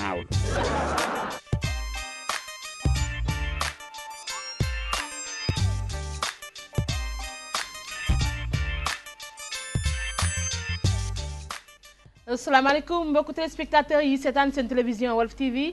out. asalaamaaleykum mbokki téléspectateurs yi seetaan seen télévision Walf TV.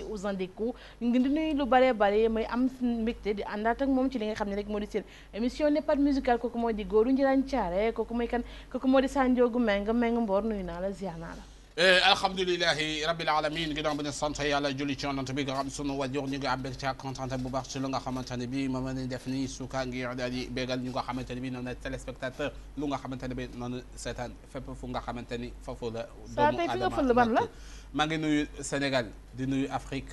di Ousan Dekou ngi nuyu lu bare bare may am mbégte di àndaat ak moom ci li nga xam ne rek moo di seen émission Nepad musical kooku moo di góoru njiraan caare kooku mooy kan kooku moo di Sanjoogu Meng Meng Mboor nuyu naa la ziar la Eh, alhamdulilahi rabbil alamin ginnaaw bi ne sant yàlla julli ci yonent bi nga xam sunu wajur ñu ngi am bég ca contente bu baax ci lu nga xamante ne bi moom la def nii suka ngi daal di bégal ñu nga xamante ne bi noonu la téléspectateur lu nga xamante ne bi noonu seetaan fépp fu nga xamante ni foofu la doomu adama maa ngi nuyu Sénégal di nuyu Afrique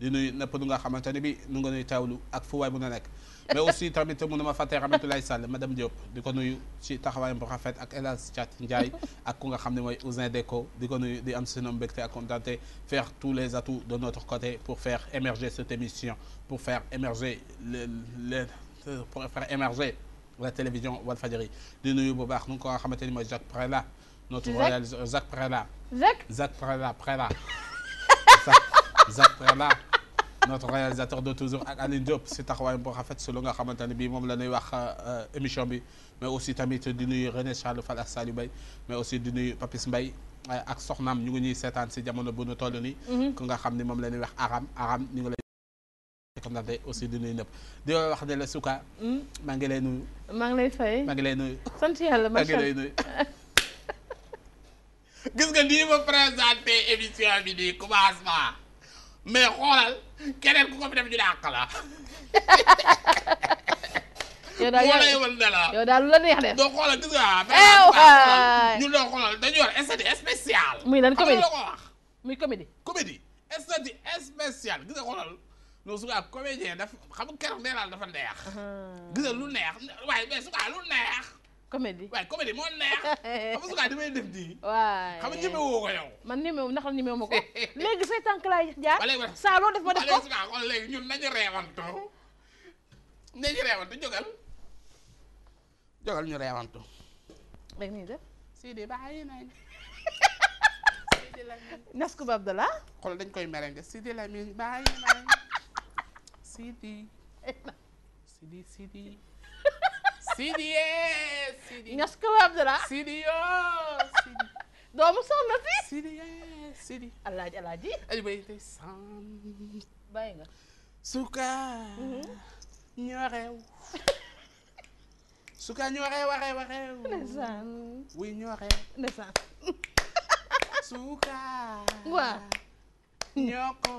di nuyu nëpp lu nga xamante ne bi nu nga nuy teewlu ak fu waay bu na nekk mais aussi tamit mënu ma fàtte Ramatoulaye Sall madame Diop di ko nuyu ci taxawaayam bu rafet ak El Hadj ak ku nga xam ne mooy Ousin Deco di ko nuyu di am seen mbégte ak kontaante faire tous les atouts de notre côté pour faire émerger cette émission pour faire émerger le le pour faire émerger la télévision Walfadjri di nuyu bu baax nu nga ko xamante ni mooy Jacques Préla notre réalisateur Jacques Préla Jacques Préla Préla Jacques Préla notre réalisateur de toujours ak Aline Diop si taxawaay boo rafet si lu nga xamante ne moom la ñuy wax euh, émission bi mais aussi tamit di nuy René Charles Fall ak Saliou Mbaye mais aussi di nuyu Papis Mbaye euh, ak soxnaam ñu ngi ñuy seetaan si jamono bu nu toll nii. Mm-hmm. ku nga xam ne moom la ñuy wax Aram Aram ñu ngi lay. nante aussi di nuyu ñëpp di wax ne mm-hmm. maa ngi lay nuyu. ma ngi lay fay maa ngi lay nuyu. sant yàlla macha allah maa gis nga nii ma présenté émission bi nii commencement. mais xoolal keneen ku ko fi def ñu ne àq la. yow daal yow la yow lu la neex de. doo xoolal gis nga. Eh, ñu doo xoolal dañu yor esthétique spécial. muy lan comédie ko wax. muy comédie. comédie esthétique spécial gis nga xoolal non su ko comédien daf xam nga keroog nee dafa neex. Ah. gis nga lu neex waaye mais su lu neex. comédie waaye comédie moo neex xam nga damay def di waay xam nga ko yow man ñemewu ndax la ñemewu ma ko léegi say tànk laay jaar saa loo def ma def ko léegi ñun nañu reewantu reewantu jógal jógal ñu reewantu léegi nii def Sidi bàyyi nañ nas ko bab dala dañ koy merengue Sidi Lamine bàyyi nañ Sidi Sidi Sidi Sidi Sidi. Ñaskala Abdala. Sidi yoo Sidi. doomu soxna si. Sidi Sidi. alaaji alaaji. ay bay tey sàn. bàyyi nga. suka. ñorew. suka ñorew warew warew. ndeysaan. wuy ñorew. ndeysaan. suka. waaw. ñoko.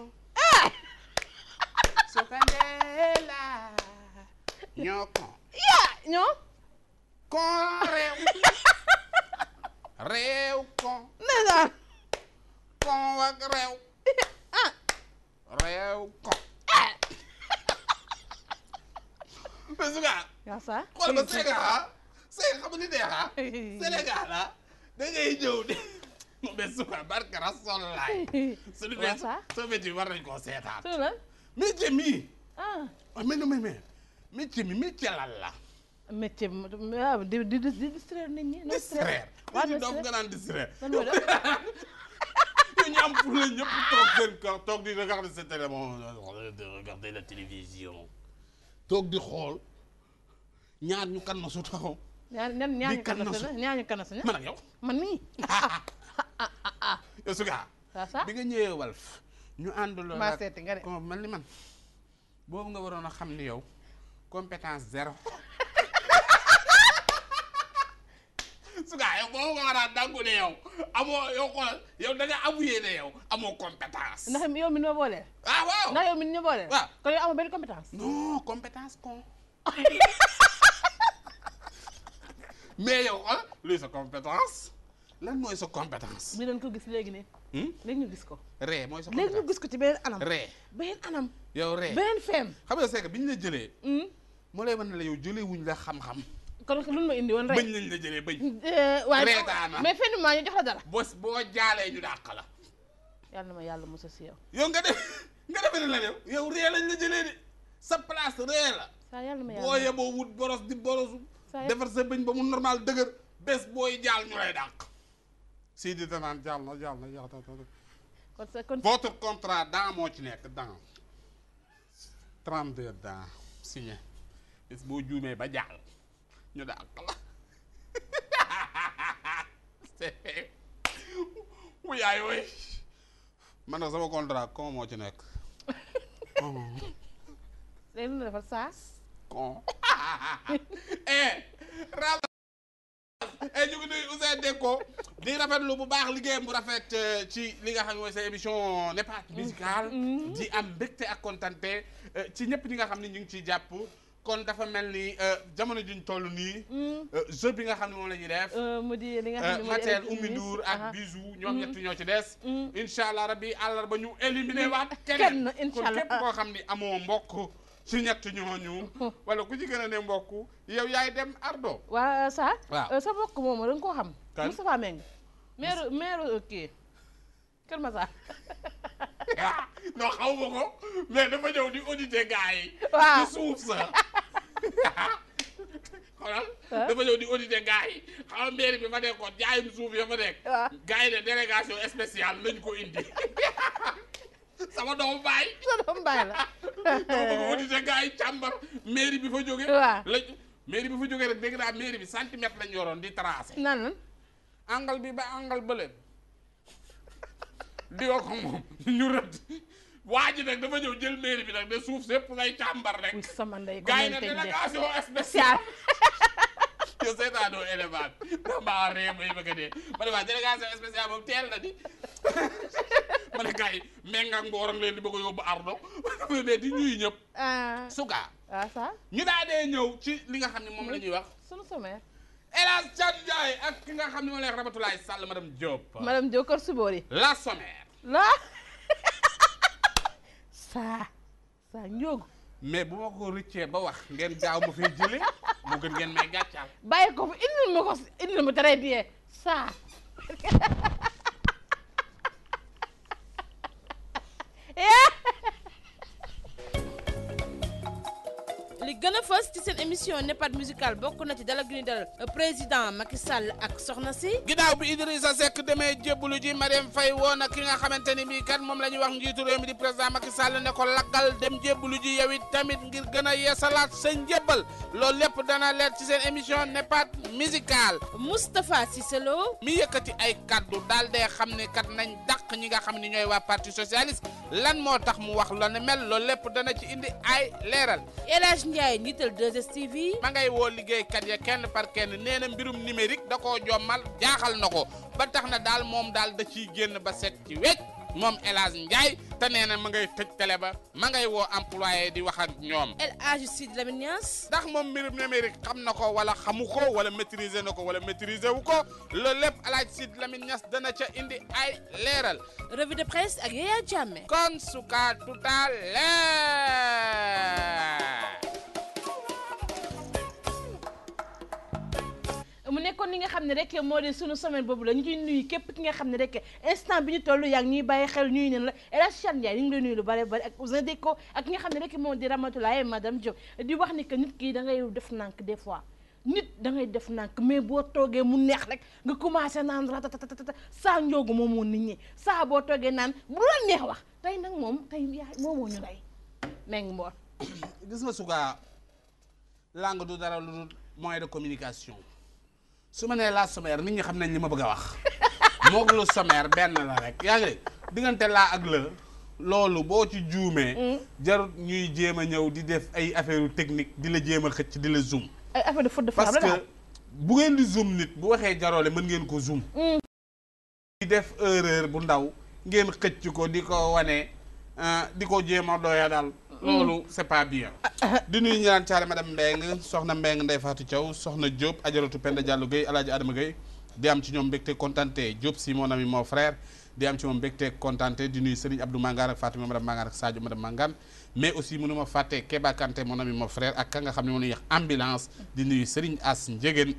suka ndee la. ñoko. yaa ñoo kon réew réew kon ndeysaan kon wak réew ah réew kon Bazouga yaa sa xool ba Sénégal ah Sénégal xam ni neex ah Sénégal ah da ngay ñëw de mais suba barka rasulaay suñu ne soo métti war nañ koo seetaat mais jëmi ah mais nu may métier mi métier lan la. métier waaw di di di distraire nit ñi. distraire waaw nit ñi doom nga naan distraire. ñu am pour la ñëpp toog seen kër toog di regarder sa télé moom di regarder la télévision. toog di xool ñaar ñu kan na su taxaw. ñaar ñaar ñaar kan na su ñaar ñu kan na su man ak yow. man mii. yow su gaa. bi nga ñëwee Walf. ñu àndaloo ak maa seeti nga de. man li man boobu nga waroon a xam ni yow. compétence zéro su gaa yow boo ko war a dàngu ne yow amoo yow xoolal yow da nga avoué amoo compétence. ndax yow mi ma boole. ah waaw ndax yow boole. waaw kon amoo benn compétence. non compétence con. mais yow xoolal ah, luy lan mooy sa compétence. ñu doon ko gis léegi ne. Hmm? léegi gis ko. ree mooy sa compétence léegi ci beneen anam. ree beneen anam. yow ree beneen feem. xam nga c'est que bi moo lay wan ne la yow jëlee wuñ la xam-xam. kon lu ma indi woon rek bañ lañ la jëlee bañ. Eh, reetaana maa ñu jox la dara. boo boo jaalee ñu dàq la. yàlla na ma yàlla musa si yow. yow nga def nga defe ne la yow yow ree la jële de sa place ree la. saa yàlla boo wut boros di borosu. defar sa bëñ ba mu normal dëgër bés booy jaal ñu lay dàq. si di danaan jaal na jaal na jaal kon sa kon votre contrat dans moo ci nekk dans. 32 dans signé. boo juumee ba jàll ñu daal la mu yaay woy man nag sama contrat kon moo ci nekk léegi lu dafa saas kon ee ramas ee ñu ngi nuyu Ouzin Deco di rafetlu bu baax liggéeyam bu rafet euh, ci li nga xam ne mooy e mm-hmm. euh, ci ñëpp ñi nga xam ne ñu ngi ciy jàpp kon dafa mel ni euh, jamono juñ toll nii. Hmm. Euh, jeu bi nga xam ne moom la ñuy def. Euh, mu di li nga xam ne Matel Oumy Ndour ak Bijou. ñoom hmm. ñett ñoo ci des. Hmm. ñu éliminé waat. kenn xam ni amoo mbokk. ci ñett ñooñu. wala ku ci gën a ne mbokk yow yaay dem Ardo. waa sa sa mbokk moomu da nga ko xam. kan Moustapha Meng. maire maire kii Kër Masar. Ah, xaw ma ko mais dafa ñëw di auditer gars yi. waaw xoolal dafa ñëw di audité gars yi xam nga mairie bi fa nekkoon jaayum suuf ya fa nekk gars yi ne délégation spéciale nañ ko indi sama doom baay sama doom baay la dama bëgg audité gars yi càmbar mairie bi fa jóge waaw la mairie bi fa jógee rek dégg naa mairie bi centimètre lañ yoroon di tracé nan lan angal bi ba angal bële di ko ko moom ñu rëdd waa ji nag dafa ñëw jël mairie bi nag de suuf sépp lay càmbar rek. sama ndey gars yi nag délégation spéciale. yow seetaanoo élément bi ndax maa réew mi bëgg a dee ma ne waa délégation spéciale moom teel na di ma ne gars yi méngaag leen di bëgg a yóbbu ardo ma di ñuy ñëpp. Ah. suka. waaw ah, ça. ñu daa ñëw ci li nga xam ne moom la ñuy wax. sunu sommaire. El Hadj Thiam Ndiaye ak ki nga xam ne moom la ñuy wax Ramatulaye Sall madame Diop. madame Diop kër la sommaire. la. njóogu mais bu ma ko rëccee ba wax ngeen gaaw ma fay jëlee mu gën ngeen may gàccaal bàyyi ko fi indil ma ko indil ma très bien ça fës ci seen émission nepad musical bokk na ci dalal gi ñu dalal président Macky Sall ak soxna si. ginnaaw bi sa Seck demee jébbalu ji Marième Faye woo na ki nga xamante ni bii kat moom la ñuy wax njiitu réew mi di président Macky Sall ne ko lakkal dem jébbalu ji yow it tamit ngir gën a yeesalaat sa njébbal loolu lépp dana leer ci seen émission nepad musical. Moustapha Cissé Lo mi yëkkati ay kaddu daal day xam ne kat nañ dàq ñi nga xam ni ñooy waa parti socialiste lan moo tax mu wax la ne mel loolu lépp dana ci indi ay leeral. ma ngay woo liggéeykat ya kenn par kenn nee na mbirum numérique da ko jommal jaaxal na ko ba tax na daal moom daal da ciy génn ba set ci wecc moom El Hadj Ndiaye te nee na ma ngay tëj télé ba ma ngay woo employé di wax ak ñoom. El Hadj Sidi Lamine Niass. moom mbirum numérique xam na ko wala xamu ko wala maîtriser na ko wala maîtriser wu ko loolu lépp El Hadj Sidi Lamine Niass dana ca indi ay leeral. revue de presse ak Yaya Jammeh. kon su ka leer. mu nekkoon li nga xam ne rek moo di sunu semaine boobu la ñu nii képp ki nga xam ne rek instant bi ñu toll yaa ngi ñuy bàyyi xel nuyu neen la El Hadj Cheikh ngi lu bare bare ak Ousin Deko ak nga xam ne rek moo di Ramatoulaye madame Diop di wax ni que nit kii da ngay def nànk des fois nit da ngay def nànk mais boo toogee mu neex rek nga commencé naan ratatatata saa njoogu moom moo nit ñi saa boo toogee naan bu la neex wax tey nag moom tey yaa moomoo ñu lay meng mboor gis nga sukaa langue du dara lu de communication su ma nee la sommaire nit ñi xam nañ li ma bëgg a wax moog lu sommaire benn la rek yaa ngi dégg diggante laa ak la loolu boo ci juumee. Mm. jarut ñuy jéem a ñëw di def ay affaire technique di la jéem a xëcc di la zoom. ay affaire de faute de frappe parce bu ngeen di zoom nit bu waxee jaroole mën ngeen ko zoom. Mm. di def erreur bu ndaw ngeen xëcc ko di ko wane ah, di ko jéem a doya daal. loolu c'est pas bien di nuyu ñu naan caale madame Mbeng soxna Mbeng Ndey Fatou Thiaw soxna Diop ajaratu Penda Diallo Gueye alaaji Adama Gueye di am ci ñoom mbégte kontante Diop si mon ami mon frère di am ci moom mbégte kontante di nuyu Serigne Abdou Mangane ak Fatima madame Mangane ak Sadio madame Mangane mais aussi mënu ma fàtte Keba Kanté mon ami mon frère ak ka nga xam ne moom la ñuy wax ambulance di nuyu Serigne As Njegen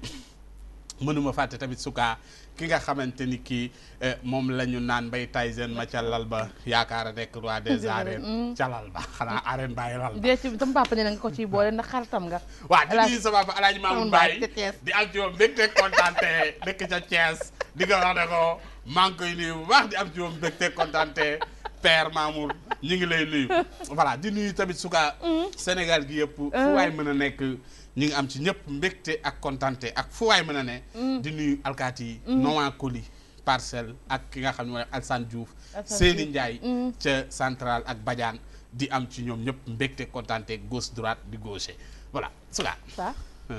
mënuma fàtte tamit sukaa ki nga xamante ni kii eh, moom lañu naan bay Tyson ma ca lal ba yaakaar a nekk roi des arènes mm. ca lal ba xanaa arène bàyyi lal ba ci sama papa ne na nga ko ciy di nuyu sama papa alaaji Mamoun Mbaye di am ci moom mbégte kontaante dëkk ca Thiès di wax ne ko maa ngi koy nuyu bu baax di am ci moom mbégte kontaante père Mamour ñu ngi lay nuyu voilà di nuyu tamit sukaa mm. Sénégal gi yëpp fu mm. mën a nekk ñu ngi am ci ñëpp mbégte ak kontante ak fu waay mën a ne. Mm. di nuyu alkaati yi. Mm. Noa Koli parcelle ak ki nga xam ne mooy san Diouf. Seyni Ndiaye. Mm. ca central ak Badiane di am ci ñoom ñëpp mbégte kontante gos droite di gauche voilà suga. ça.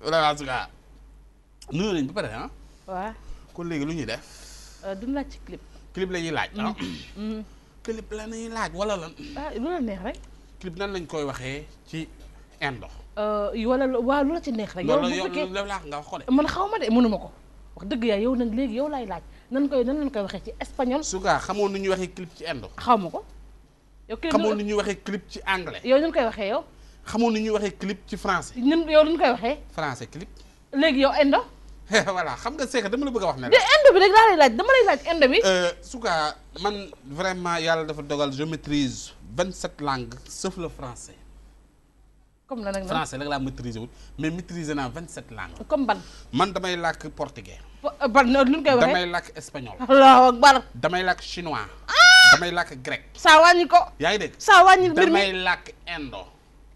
vraiment suga nuyu nañu ba pare ah. léegi lu ñuy def. Euh, duñu laaj ci clip. clip la laaj. clip la ñuy laaj wala lan. ah lu neex rek. clip nan lañ koy waxee ci indo. Euh, wala la lu la ci neex rek. yow bu fekkee laax nga wax ko de. man xaw ma de mënuma ko wax dëgg yaa yow nag léegi yow laay laaj nan koy nan lañ koy waxee ci espagnol. su gaa xamoon nu ñuy waxee clip ci indo. xaw ma ko. yow clip xamoon nu ñuy waxee clip ci anglais. yow ñu koy waxee yow. xamoon nu ñuy waxee clip ci français. ñun yow nu koy waxee. français clip. léegi yow indo. voilà xam nga Seck dama la bëgg a wax ne. de inde bi rek laa lay laaj dama lay laaj inde bi. Euh, su ka man vraiment yàlla dafa dogal je maîtrise vingt sept langues sauf comme la nag français rek laa maîtriser wul mais maîtriser naa vingt sept langues. comme ban. man damay làkk portugais. Euh, ban lu nu koy waxee damay làkk espagnol. allahu akbar. damay lakk chinois. Ah! damay làkk grec. saa wàññi ko. yaa ngi dégg saa wàññi mbir mi damay làkk indo.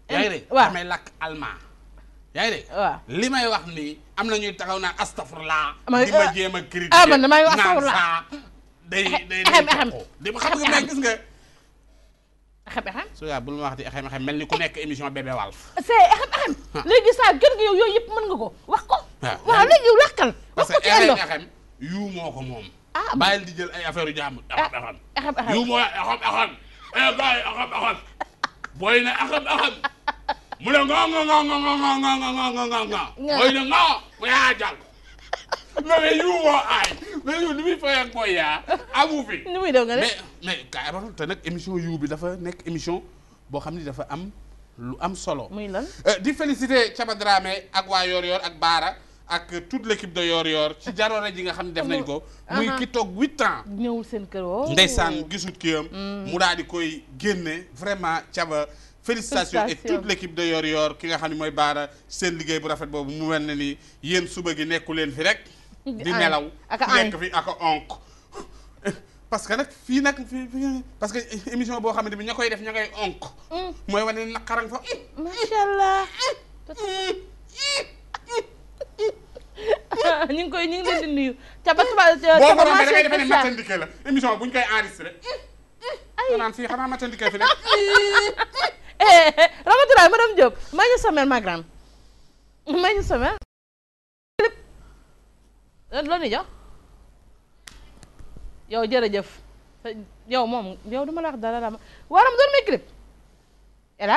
yaa ngi dégg damay làkk yaa ngi dégg li may wax nii am na ñuy taxaw naan astafurlaa. ma di ma euh, jéem a critiquer ah man wax xam nga mais gis nga. exem exem su yaa bul ma waxati exem exem mel ni ku nekk émission bébé Walf c'est exem léegi saa gën nga yow yooyu yëpp mën nga ko wax ko waaw léegi yow lakkal wax ko ci endo parce que exem ah, ay affaire yu jàmm ah, eh, na exem exem mula ngo ngo ngo ngo ngo ngo ngo ngo ngo ngo ngo ngo oyina ngo uyajang mais yu woo aay mais yu ni muy fay ak mooy yaa amu fi ni muy daw nga mais mais kaay ba te nag émission yu bi dafa nekk émission boo xam ni dafa am lu am solo muy lan di féliciter Thiaba Dramé ak waa Yoor Yoor ak Baara ak toute l'équipe de Yoor Yoor ci jaroore ji nga xam ne def nañ ko muy ki toog huit ans ñëwul seen kër woo ndeysaan gisut kiyam mu daal di koy génne vraiment Thiaba félicitations et toute l'équipe de Yoor Yoor ki nga xam ne mooy Baara seen liggéey bu rafet boobu mu mel na ni yéen suba gi nekku leen fi rek di nelaw nekk fi aka onk parce que nag fii nag fii parce que émission boo xamante bi ña koy def ña ngay onk mm. mooy wane ne naqaran fa macha allah ñu ngi koy ñu ngi leen di nuyu ca ba tuba ko rombee da ngay defe ne matandike la émission bu ñu koy enregistré naan fii xanaa matandike fi nekk Ramatoulaye madame Diop may ñu somel ma grande may ñu somel lépp loolu ni jox yow jërëjëf yow moom yow du la wax dara dama waram doon may clip El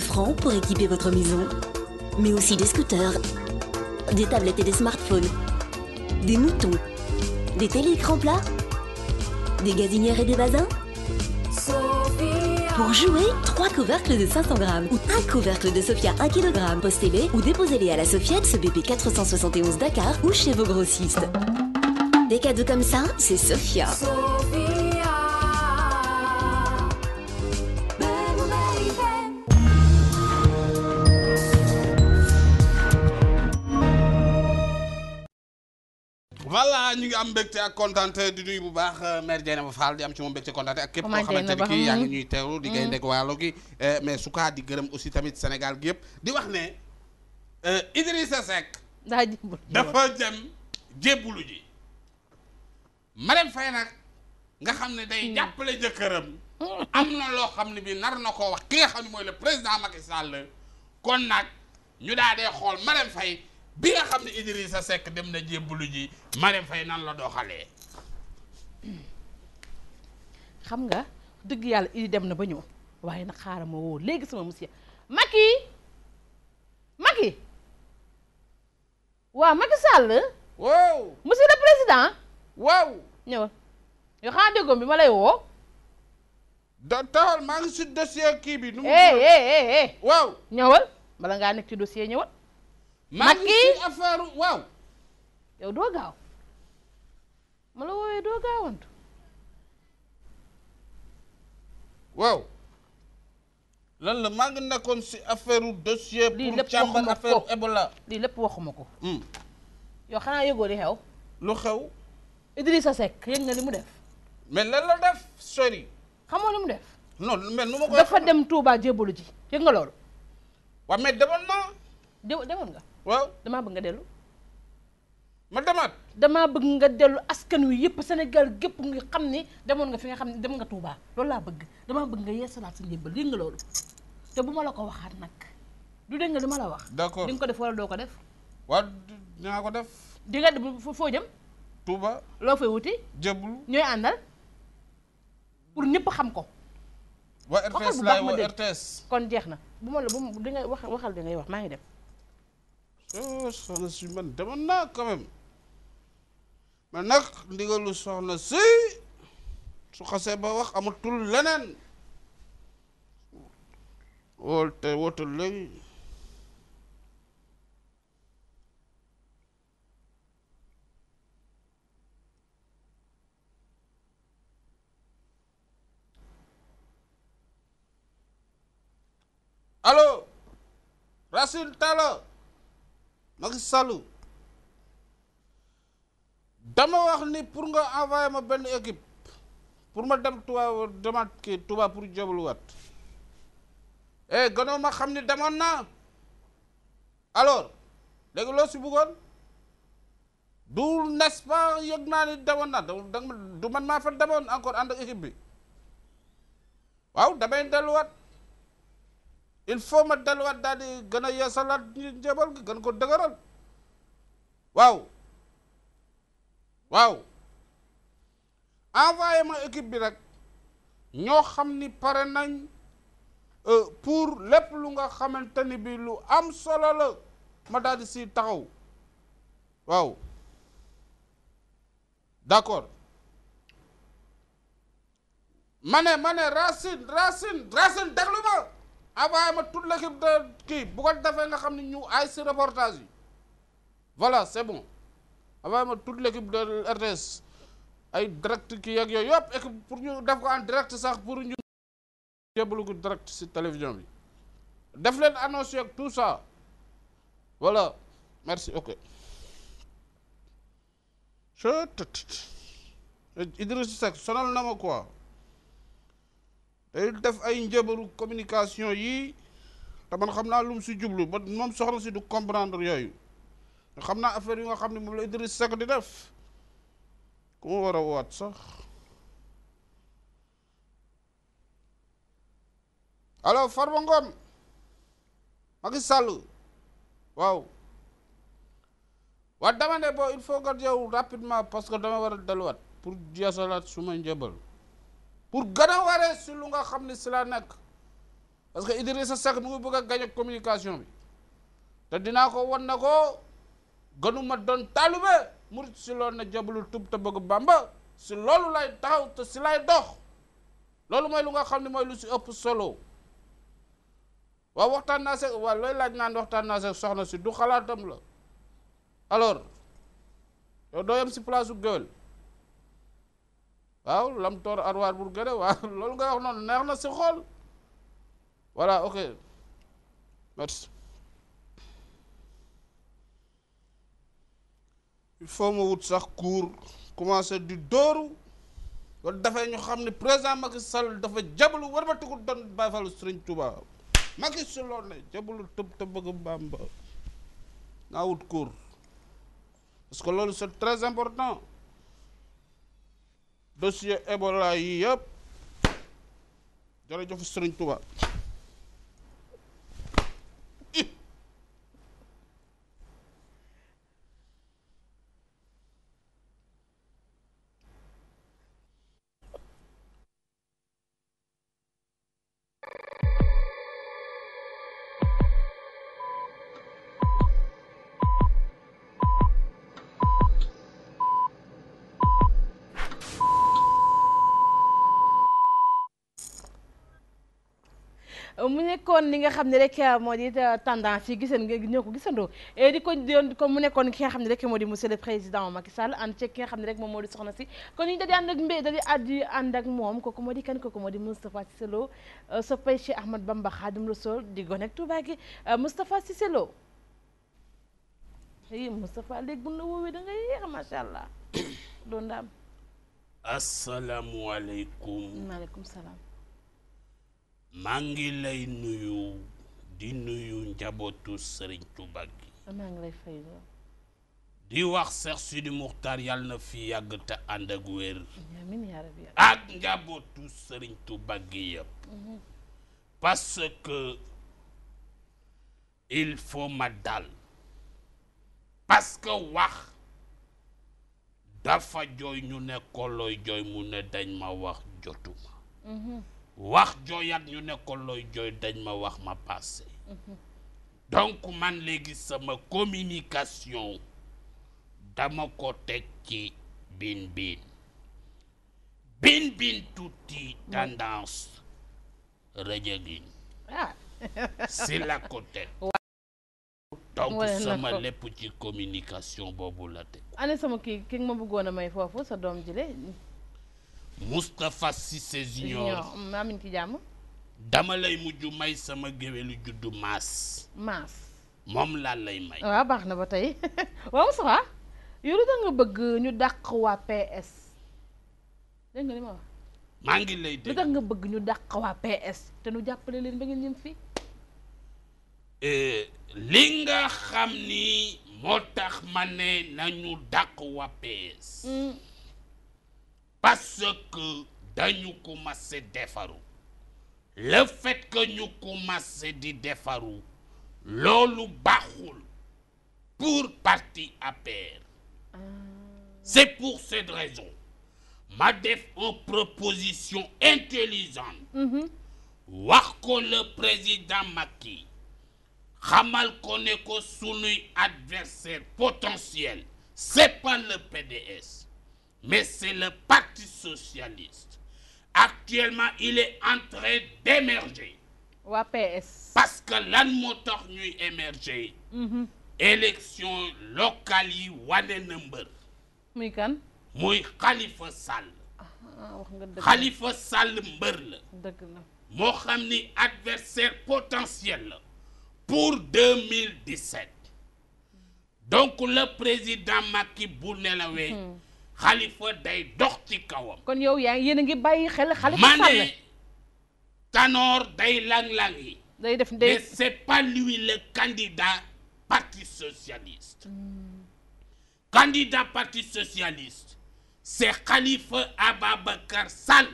francs pour équiper votre maison, mais aussi des scooters, des tablettes et des smartphones, des moutons, des télécrans plats, des gazinières et des bazins. Pour jouer, 3 couvercles de grammes ou un couvercle de Sofia 1 kg. Postez-les ou déposez-les à la Sofiette, ce BP Dakar ou chez vos grossistes. Des cadeaux comme ça, c'est Sophia. ah ñu ngi am mbégte ak kontante di nuyu bu baax euh, mère Dieynaba Fall di am ci moom mbégte kontante ak képp koo xamante ni kii yaa ñuy teewlu di gaynde mm-hmm. waalo gi euh, mais su kaa di gërëm di wax ne euh, Idrissa Seck daa jébbul dafa jëm jébbulu ji Marème nag nga xam ne day mm. jàppale jëkkëram mm. am na loo xam ne bi nar na koo wax ki nga xam ne mooy la président Macky Sall kon nag ñu daa dee xool Marème Faye bi nga xam ne Idrissa sekk dem na jébbalu ji Marème Faye nan la doxalee. xam nga dëgg yàlla idi dem na ba ñëw waaye nag xaaral ma woo léegi sama monsieur Macky Macky waaw Macky Sall. waaw monsieur le président. waaw ñëwal yoo xam déggoom bi ma lay woo. da taxal maa ngi si dossier kii bi. nu mu. Eh, eh, eh, waaw ñëwal bala ngaa nekk ci dossier ñëwal. maa ngi ci affaire waaw. yow doo gaaw ma la woowee doo gaawantu. waaw. lan la maa ngi nekkoon si affaire dossier. pour càmbar affaire Ebola lii lépp waxuma ko. Hmm. yow xanaa yëgoo li xew. lu xew. Idrissa Seck yëg na li mu def. mais lan la def sori. xamoo li mu def. non mais nu ma ko. dafa dem Touba jébalu ci yëg nga loolu. waaw mais demoon naa. demoon nga. waaw damaa bëgg nga dellu. ma demaat. damaa bëgg nga dellu askan wi yëpp Sénégal gépp nga xam ni demoon nga fi nga xam ne dem nga Touba loolu laa bëgg damaa bëgg nga yeesalaat sa njëbbal dégg nga loolu te bu ma la ko waxaat nag du dégg nga li ma la wax. d'accord di nga ko def wala doo ko def. waaw dinaa ko def. de nga foo jëm. Touba. loo fay wuti. jëblu ñooy àndal pour ñëpp xam ko. waxal bu ma dégg RTS laay kon jeex na bu ma la bu ma di nga wax waxal di ngay wax maa ngi def oh soxna si man demoon naa quand même man nag ndigalu soxna si su xasee ba wax amatul leneen wool te wootal léegi allo Racine Talla Macky Sall dama wax ni pour nga envoyé ma benn équipe pour ma dem Touba dama kii Touba pour jobluwaat eh gannaaw ma xam ni demoon naa alors léegi loo si bëggoon du n'est-ce yëg naa ni demoon na da du man maa fa demoon encore ànd ak équipe bi waaw damay delluwaat. il faut ma delluwaat daal gën a yeesalaat njëbal gën ko dëgëral waaw waaw envoyé ma équipe bi rek ñoo xam ni pare nañ euh, pour lépp lu nga xamante ni bi lu am solo la ma daal di si taxaw waaw d'accord ma ne ma ne Racine Racine Racine déglu ma envoyé ma toute l'équipe de kii bu defee nga xam ne ñu ay si reportage yi voilà c'est bon envoyé ma toute l'équipe de RTS ay direct kii yeeg yooyu yëpp équipe pour ñu def ko en direct sax pour ñu jébbalu ko direct si télévision bi def leen annonce yeeg tout ça voilà merci ok Idrissa Seck sonal na ma quoi day def ay njëbaru communication yii te xam naa lum si jublu ba moom soxna si du comprendre yooyu xam naa affaire yi nga xam ne moom la Idriss Seck di def ku mu war a waat sax allo Farba Ngom Macky waaw waa dama ne bon il faut nga yow rapidement parce que dama war a delluwaat pour jeesalaat su ma njëbal pour gën a waree si lu nga xam ne si la nekk parce que sa Seck mu ngi bëgg a gañ communication bi te dinaa ko wan na ko gënuma doon taalube mu si loolu na jabalul tub te bëgg Bàmba si loolu lay taxaw te si lay dox loolu mooy lu nga xam ne mooy lu si ëpp solo waaw waxtaan naa seeg waaw looy laaj naan waxtaan naa seeg soxna si du xalaatam la alors yow doo yem si place géwél waaw lam toor arwaar bur gëne waaw loolu nga wax noonu neex na si xool voilà ok merci il ma wut sax cours commencé di dóoru loolu dafay ñu xam ne président Macky Sall dafa jabalu war ba tugu doon Baye Fall Serigne Touba Macky Sall ne jabalu tëb te bëgg Bamba naa wut cours parce que loolu c'est très important dossier Ebola yi yëpp jërëjëf Serigne Touba mu nekkoon li nga xam ne rek euh, moo di euh, tendance yi giseen ñoo ko gisandoo di ko doon comme mu nekkoon ki nga xam ne rek moo di monsieur le président Macky Sall ànd ceeg ki nga xam ne rek moom moo di soxna si kon ñu dadi ànd ak moom ko ko ànd ak moom kooku moo di kan kooku moo di Moustapha Cissé Lo euh, soppay Cheikh Ahmad Bamba Khadim Rassoul di gone ak Touba gi Moustapha Cissé Lo i Moustapha léegi bu la woowee da nga yéex allah doon daam asalaamualeykum maaleykum salaam maa ngi lay nuyu di nuyu njabootu sëriñ Tuuba gi ah, di wax Seex Sidi Muxtaar yàlla na fi yàgg te ànd ak wér ak njabootu sëriñtu Tuuba gi yëpp mhm. parce il faut ma dal parce wax dafa jooy ñu ne ko looy jooy mu ne dañ ma wax jotuma mhm. wax jooyaat ñu ne looy jooy dañ ma wax ma passé donc man léegi sama communication dama ko teg ci bin bin bin bin tuuti tendance rëjëgin si la ko teg donc sama lépp ci communication boobu la teg. ana sama kii ki ma bëggoon may foofu sa doom jile Moustapha Cissé Junior amin ci jàmm dama lay mujj may sama géwélu juddu maas maas moom laa lay may waaw baax na ba tey waaw Moustapha waa PS dégg maa ngi lay dégg lu tax nga bëgg ñu dàq waa PS te nu jàppale leen ba ngeen ñëm fii eh, li nga xam ni moo tax ma ne nañu dàq waa PS mm. parce que dañu commencé defaru le fait que ñu commencé di defaru loolu baaxul pour parti APR c'est pour cette raison ma def une proposition intelligente wax le président Macky xamal ko ne ko sunuy adversaire potentiel c'est pas le mais c'est le Parti socialiste actuellement il est en d'émerger waa PS parce que lan moo tax ñuy émerger mhm. élection locale yi wane na mbër muy Khalifa Sall ah, Khalifa Sall la dëgg la ni adversaire potentiel la pour 2017 donc le président Macky bu nelawee mhm. xalifa ci kawam. kon yow yaa yéen a ngi bàyyi xel xalifa day lang day def ndey mais c'est pas lui le parti socialiste. Hmm. candidat c'est Khalifa Ababacar Sall.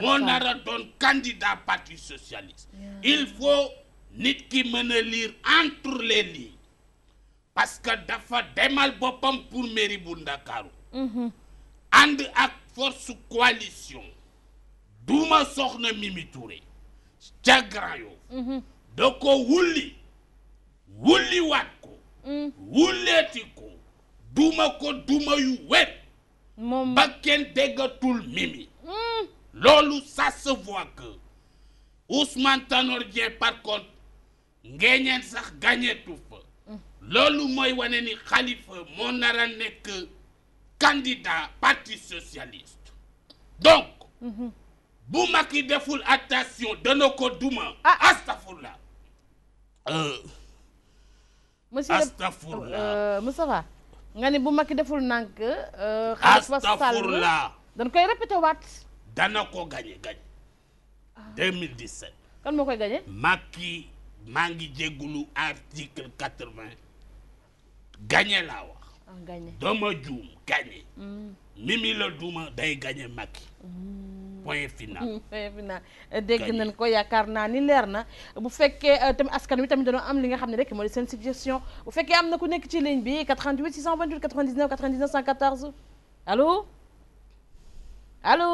moo nar doon candidat parti socialiste. il faut nit ki mën a liir entre les lignes. parce que dafa demal boppam pour mairie bu Ndakaaru Mm-hmm. ànd ak force coalition duma soxna Mimi Touré ca Grand Yoff mm-hmm. da ko wulli wulli waat ko mm. wulleeti ko duma ko duma yu wet ba kenn déggatul Mimi mm. loolu ça que Ousmane Tanor par contre ngeeñeen sax gàñeetu fa mm. loolu mooy wane ni Khalifa moo nar nekk candidat parti socialiste donc ma mhm. Macky deful attention dana ko duma ah. astafurla euh, monsieur astafurla euh, Moustapha nga ni bu Macky deful nànk euh, astafurla dañ koy répété waat dana ko gañe gañ 2017 kan moo koy gañe Macky maa ngi jéggulu article 80 gañe Ah, dama juum gagné mm. Mimi la duma day gagné Macky mm. point final point final eh, dégg nan ko yaakaar naa ni leer na bu fekkee eh, tamit askan wi tamit dañoo am li nga xam ne rek moo di seen suggestion bu fekkee am na ku nekk ci ligne bi 88 628 99 99 114 allo allo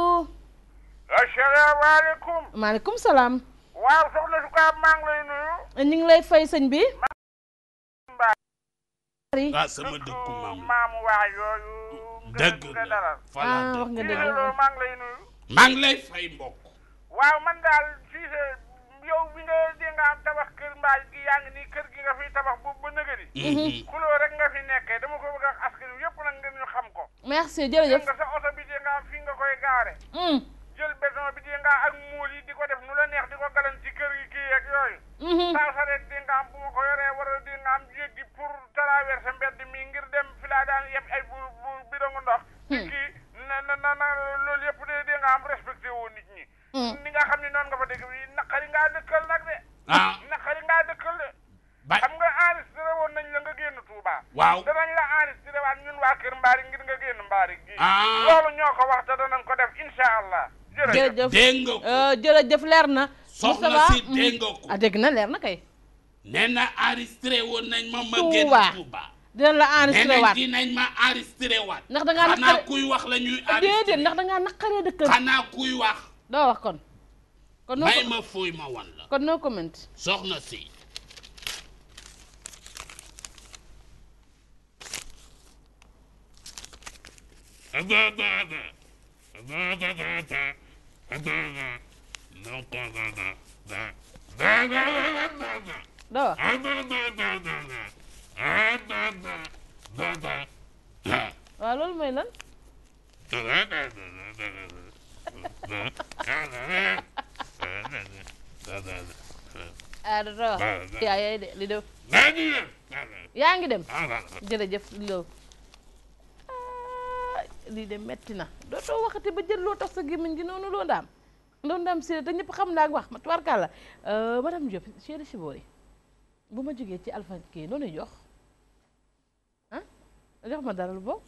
asalaamaaleykum maaleykum salaam waaw soxna su ko am maa ngi lay nuyu eh, ñu ngi lay fay sëñ bi ah sama dëkku maam waa yooyu. dëgg la ah wax nga dëgg maa ngi lay nuyu. maa ngi lay fay mbokk. waaw man daal fii sa yow bi nga dee nga am tabax kër mbaaj gi yaa ngi nii kër gi nga fiy tabax boobu ba nëgëri. Mhm. Mhm. xuloo rek nga fi nekkee dama ko bëgg a askan wi yëpp nag ngeen ñu xam ko. merci jërëjëf nga sa oto bi dee nga am fii nga koy gaare. Mhm. jël béton bi dee nga ak muul yi di ko def nu la neex di ko galan ci kër gi kii ak yooyu. saa sareet dee nga am bu ma ko yoree war a ah naqari ngaa dëkkal xam nga enregistré nañ la nga génn Touba. waaw danañ la enregistré waat ñun waa Kër Mbaari ngir nga génn Mbaari gi. Ah. loolu ñoo ko wax danañ ko def incha allah. jërëjëf dégg nga ko euh, jërëjëf leer na. soxna si mm. dégg nga ko a ah, dégg na leer na kay. nee na woon nañ ma ma génn Touba. dinañ la enregistré waat dinañ waat. ndax da ngaa naqaree kuy wax la ñuy. enregistré déedéet ndax da ngaa naqaree dëkkal. xanaa kuy wax. doo wax kon. kon ma fuuy ma wan la. kon comment. soxna si. yaa yaay de li def yaa ngi dem jërëjëf loo lii de metti na dootoo waxati ba jël loo tax sa gémmiñ gi noonu loo ndaam loo ndaam siré te ñëpp xam naa wax ma tubarkàlla madame Diop chéri Chibori bu ma jógee ci alpha kii noonu jox ah jox ma dara lu bokk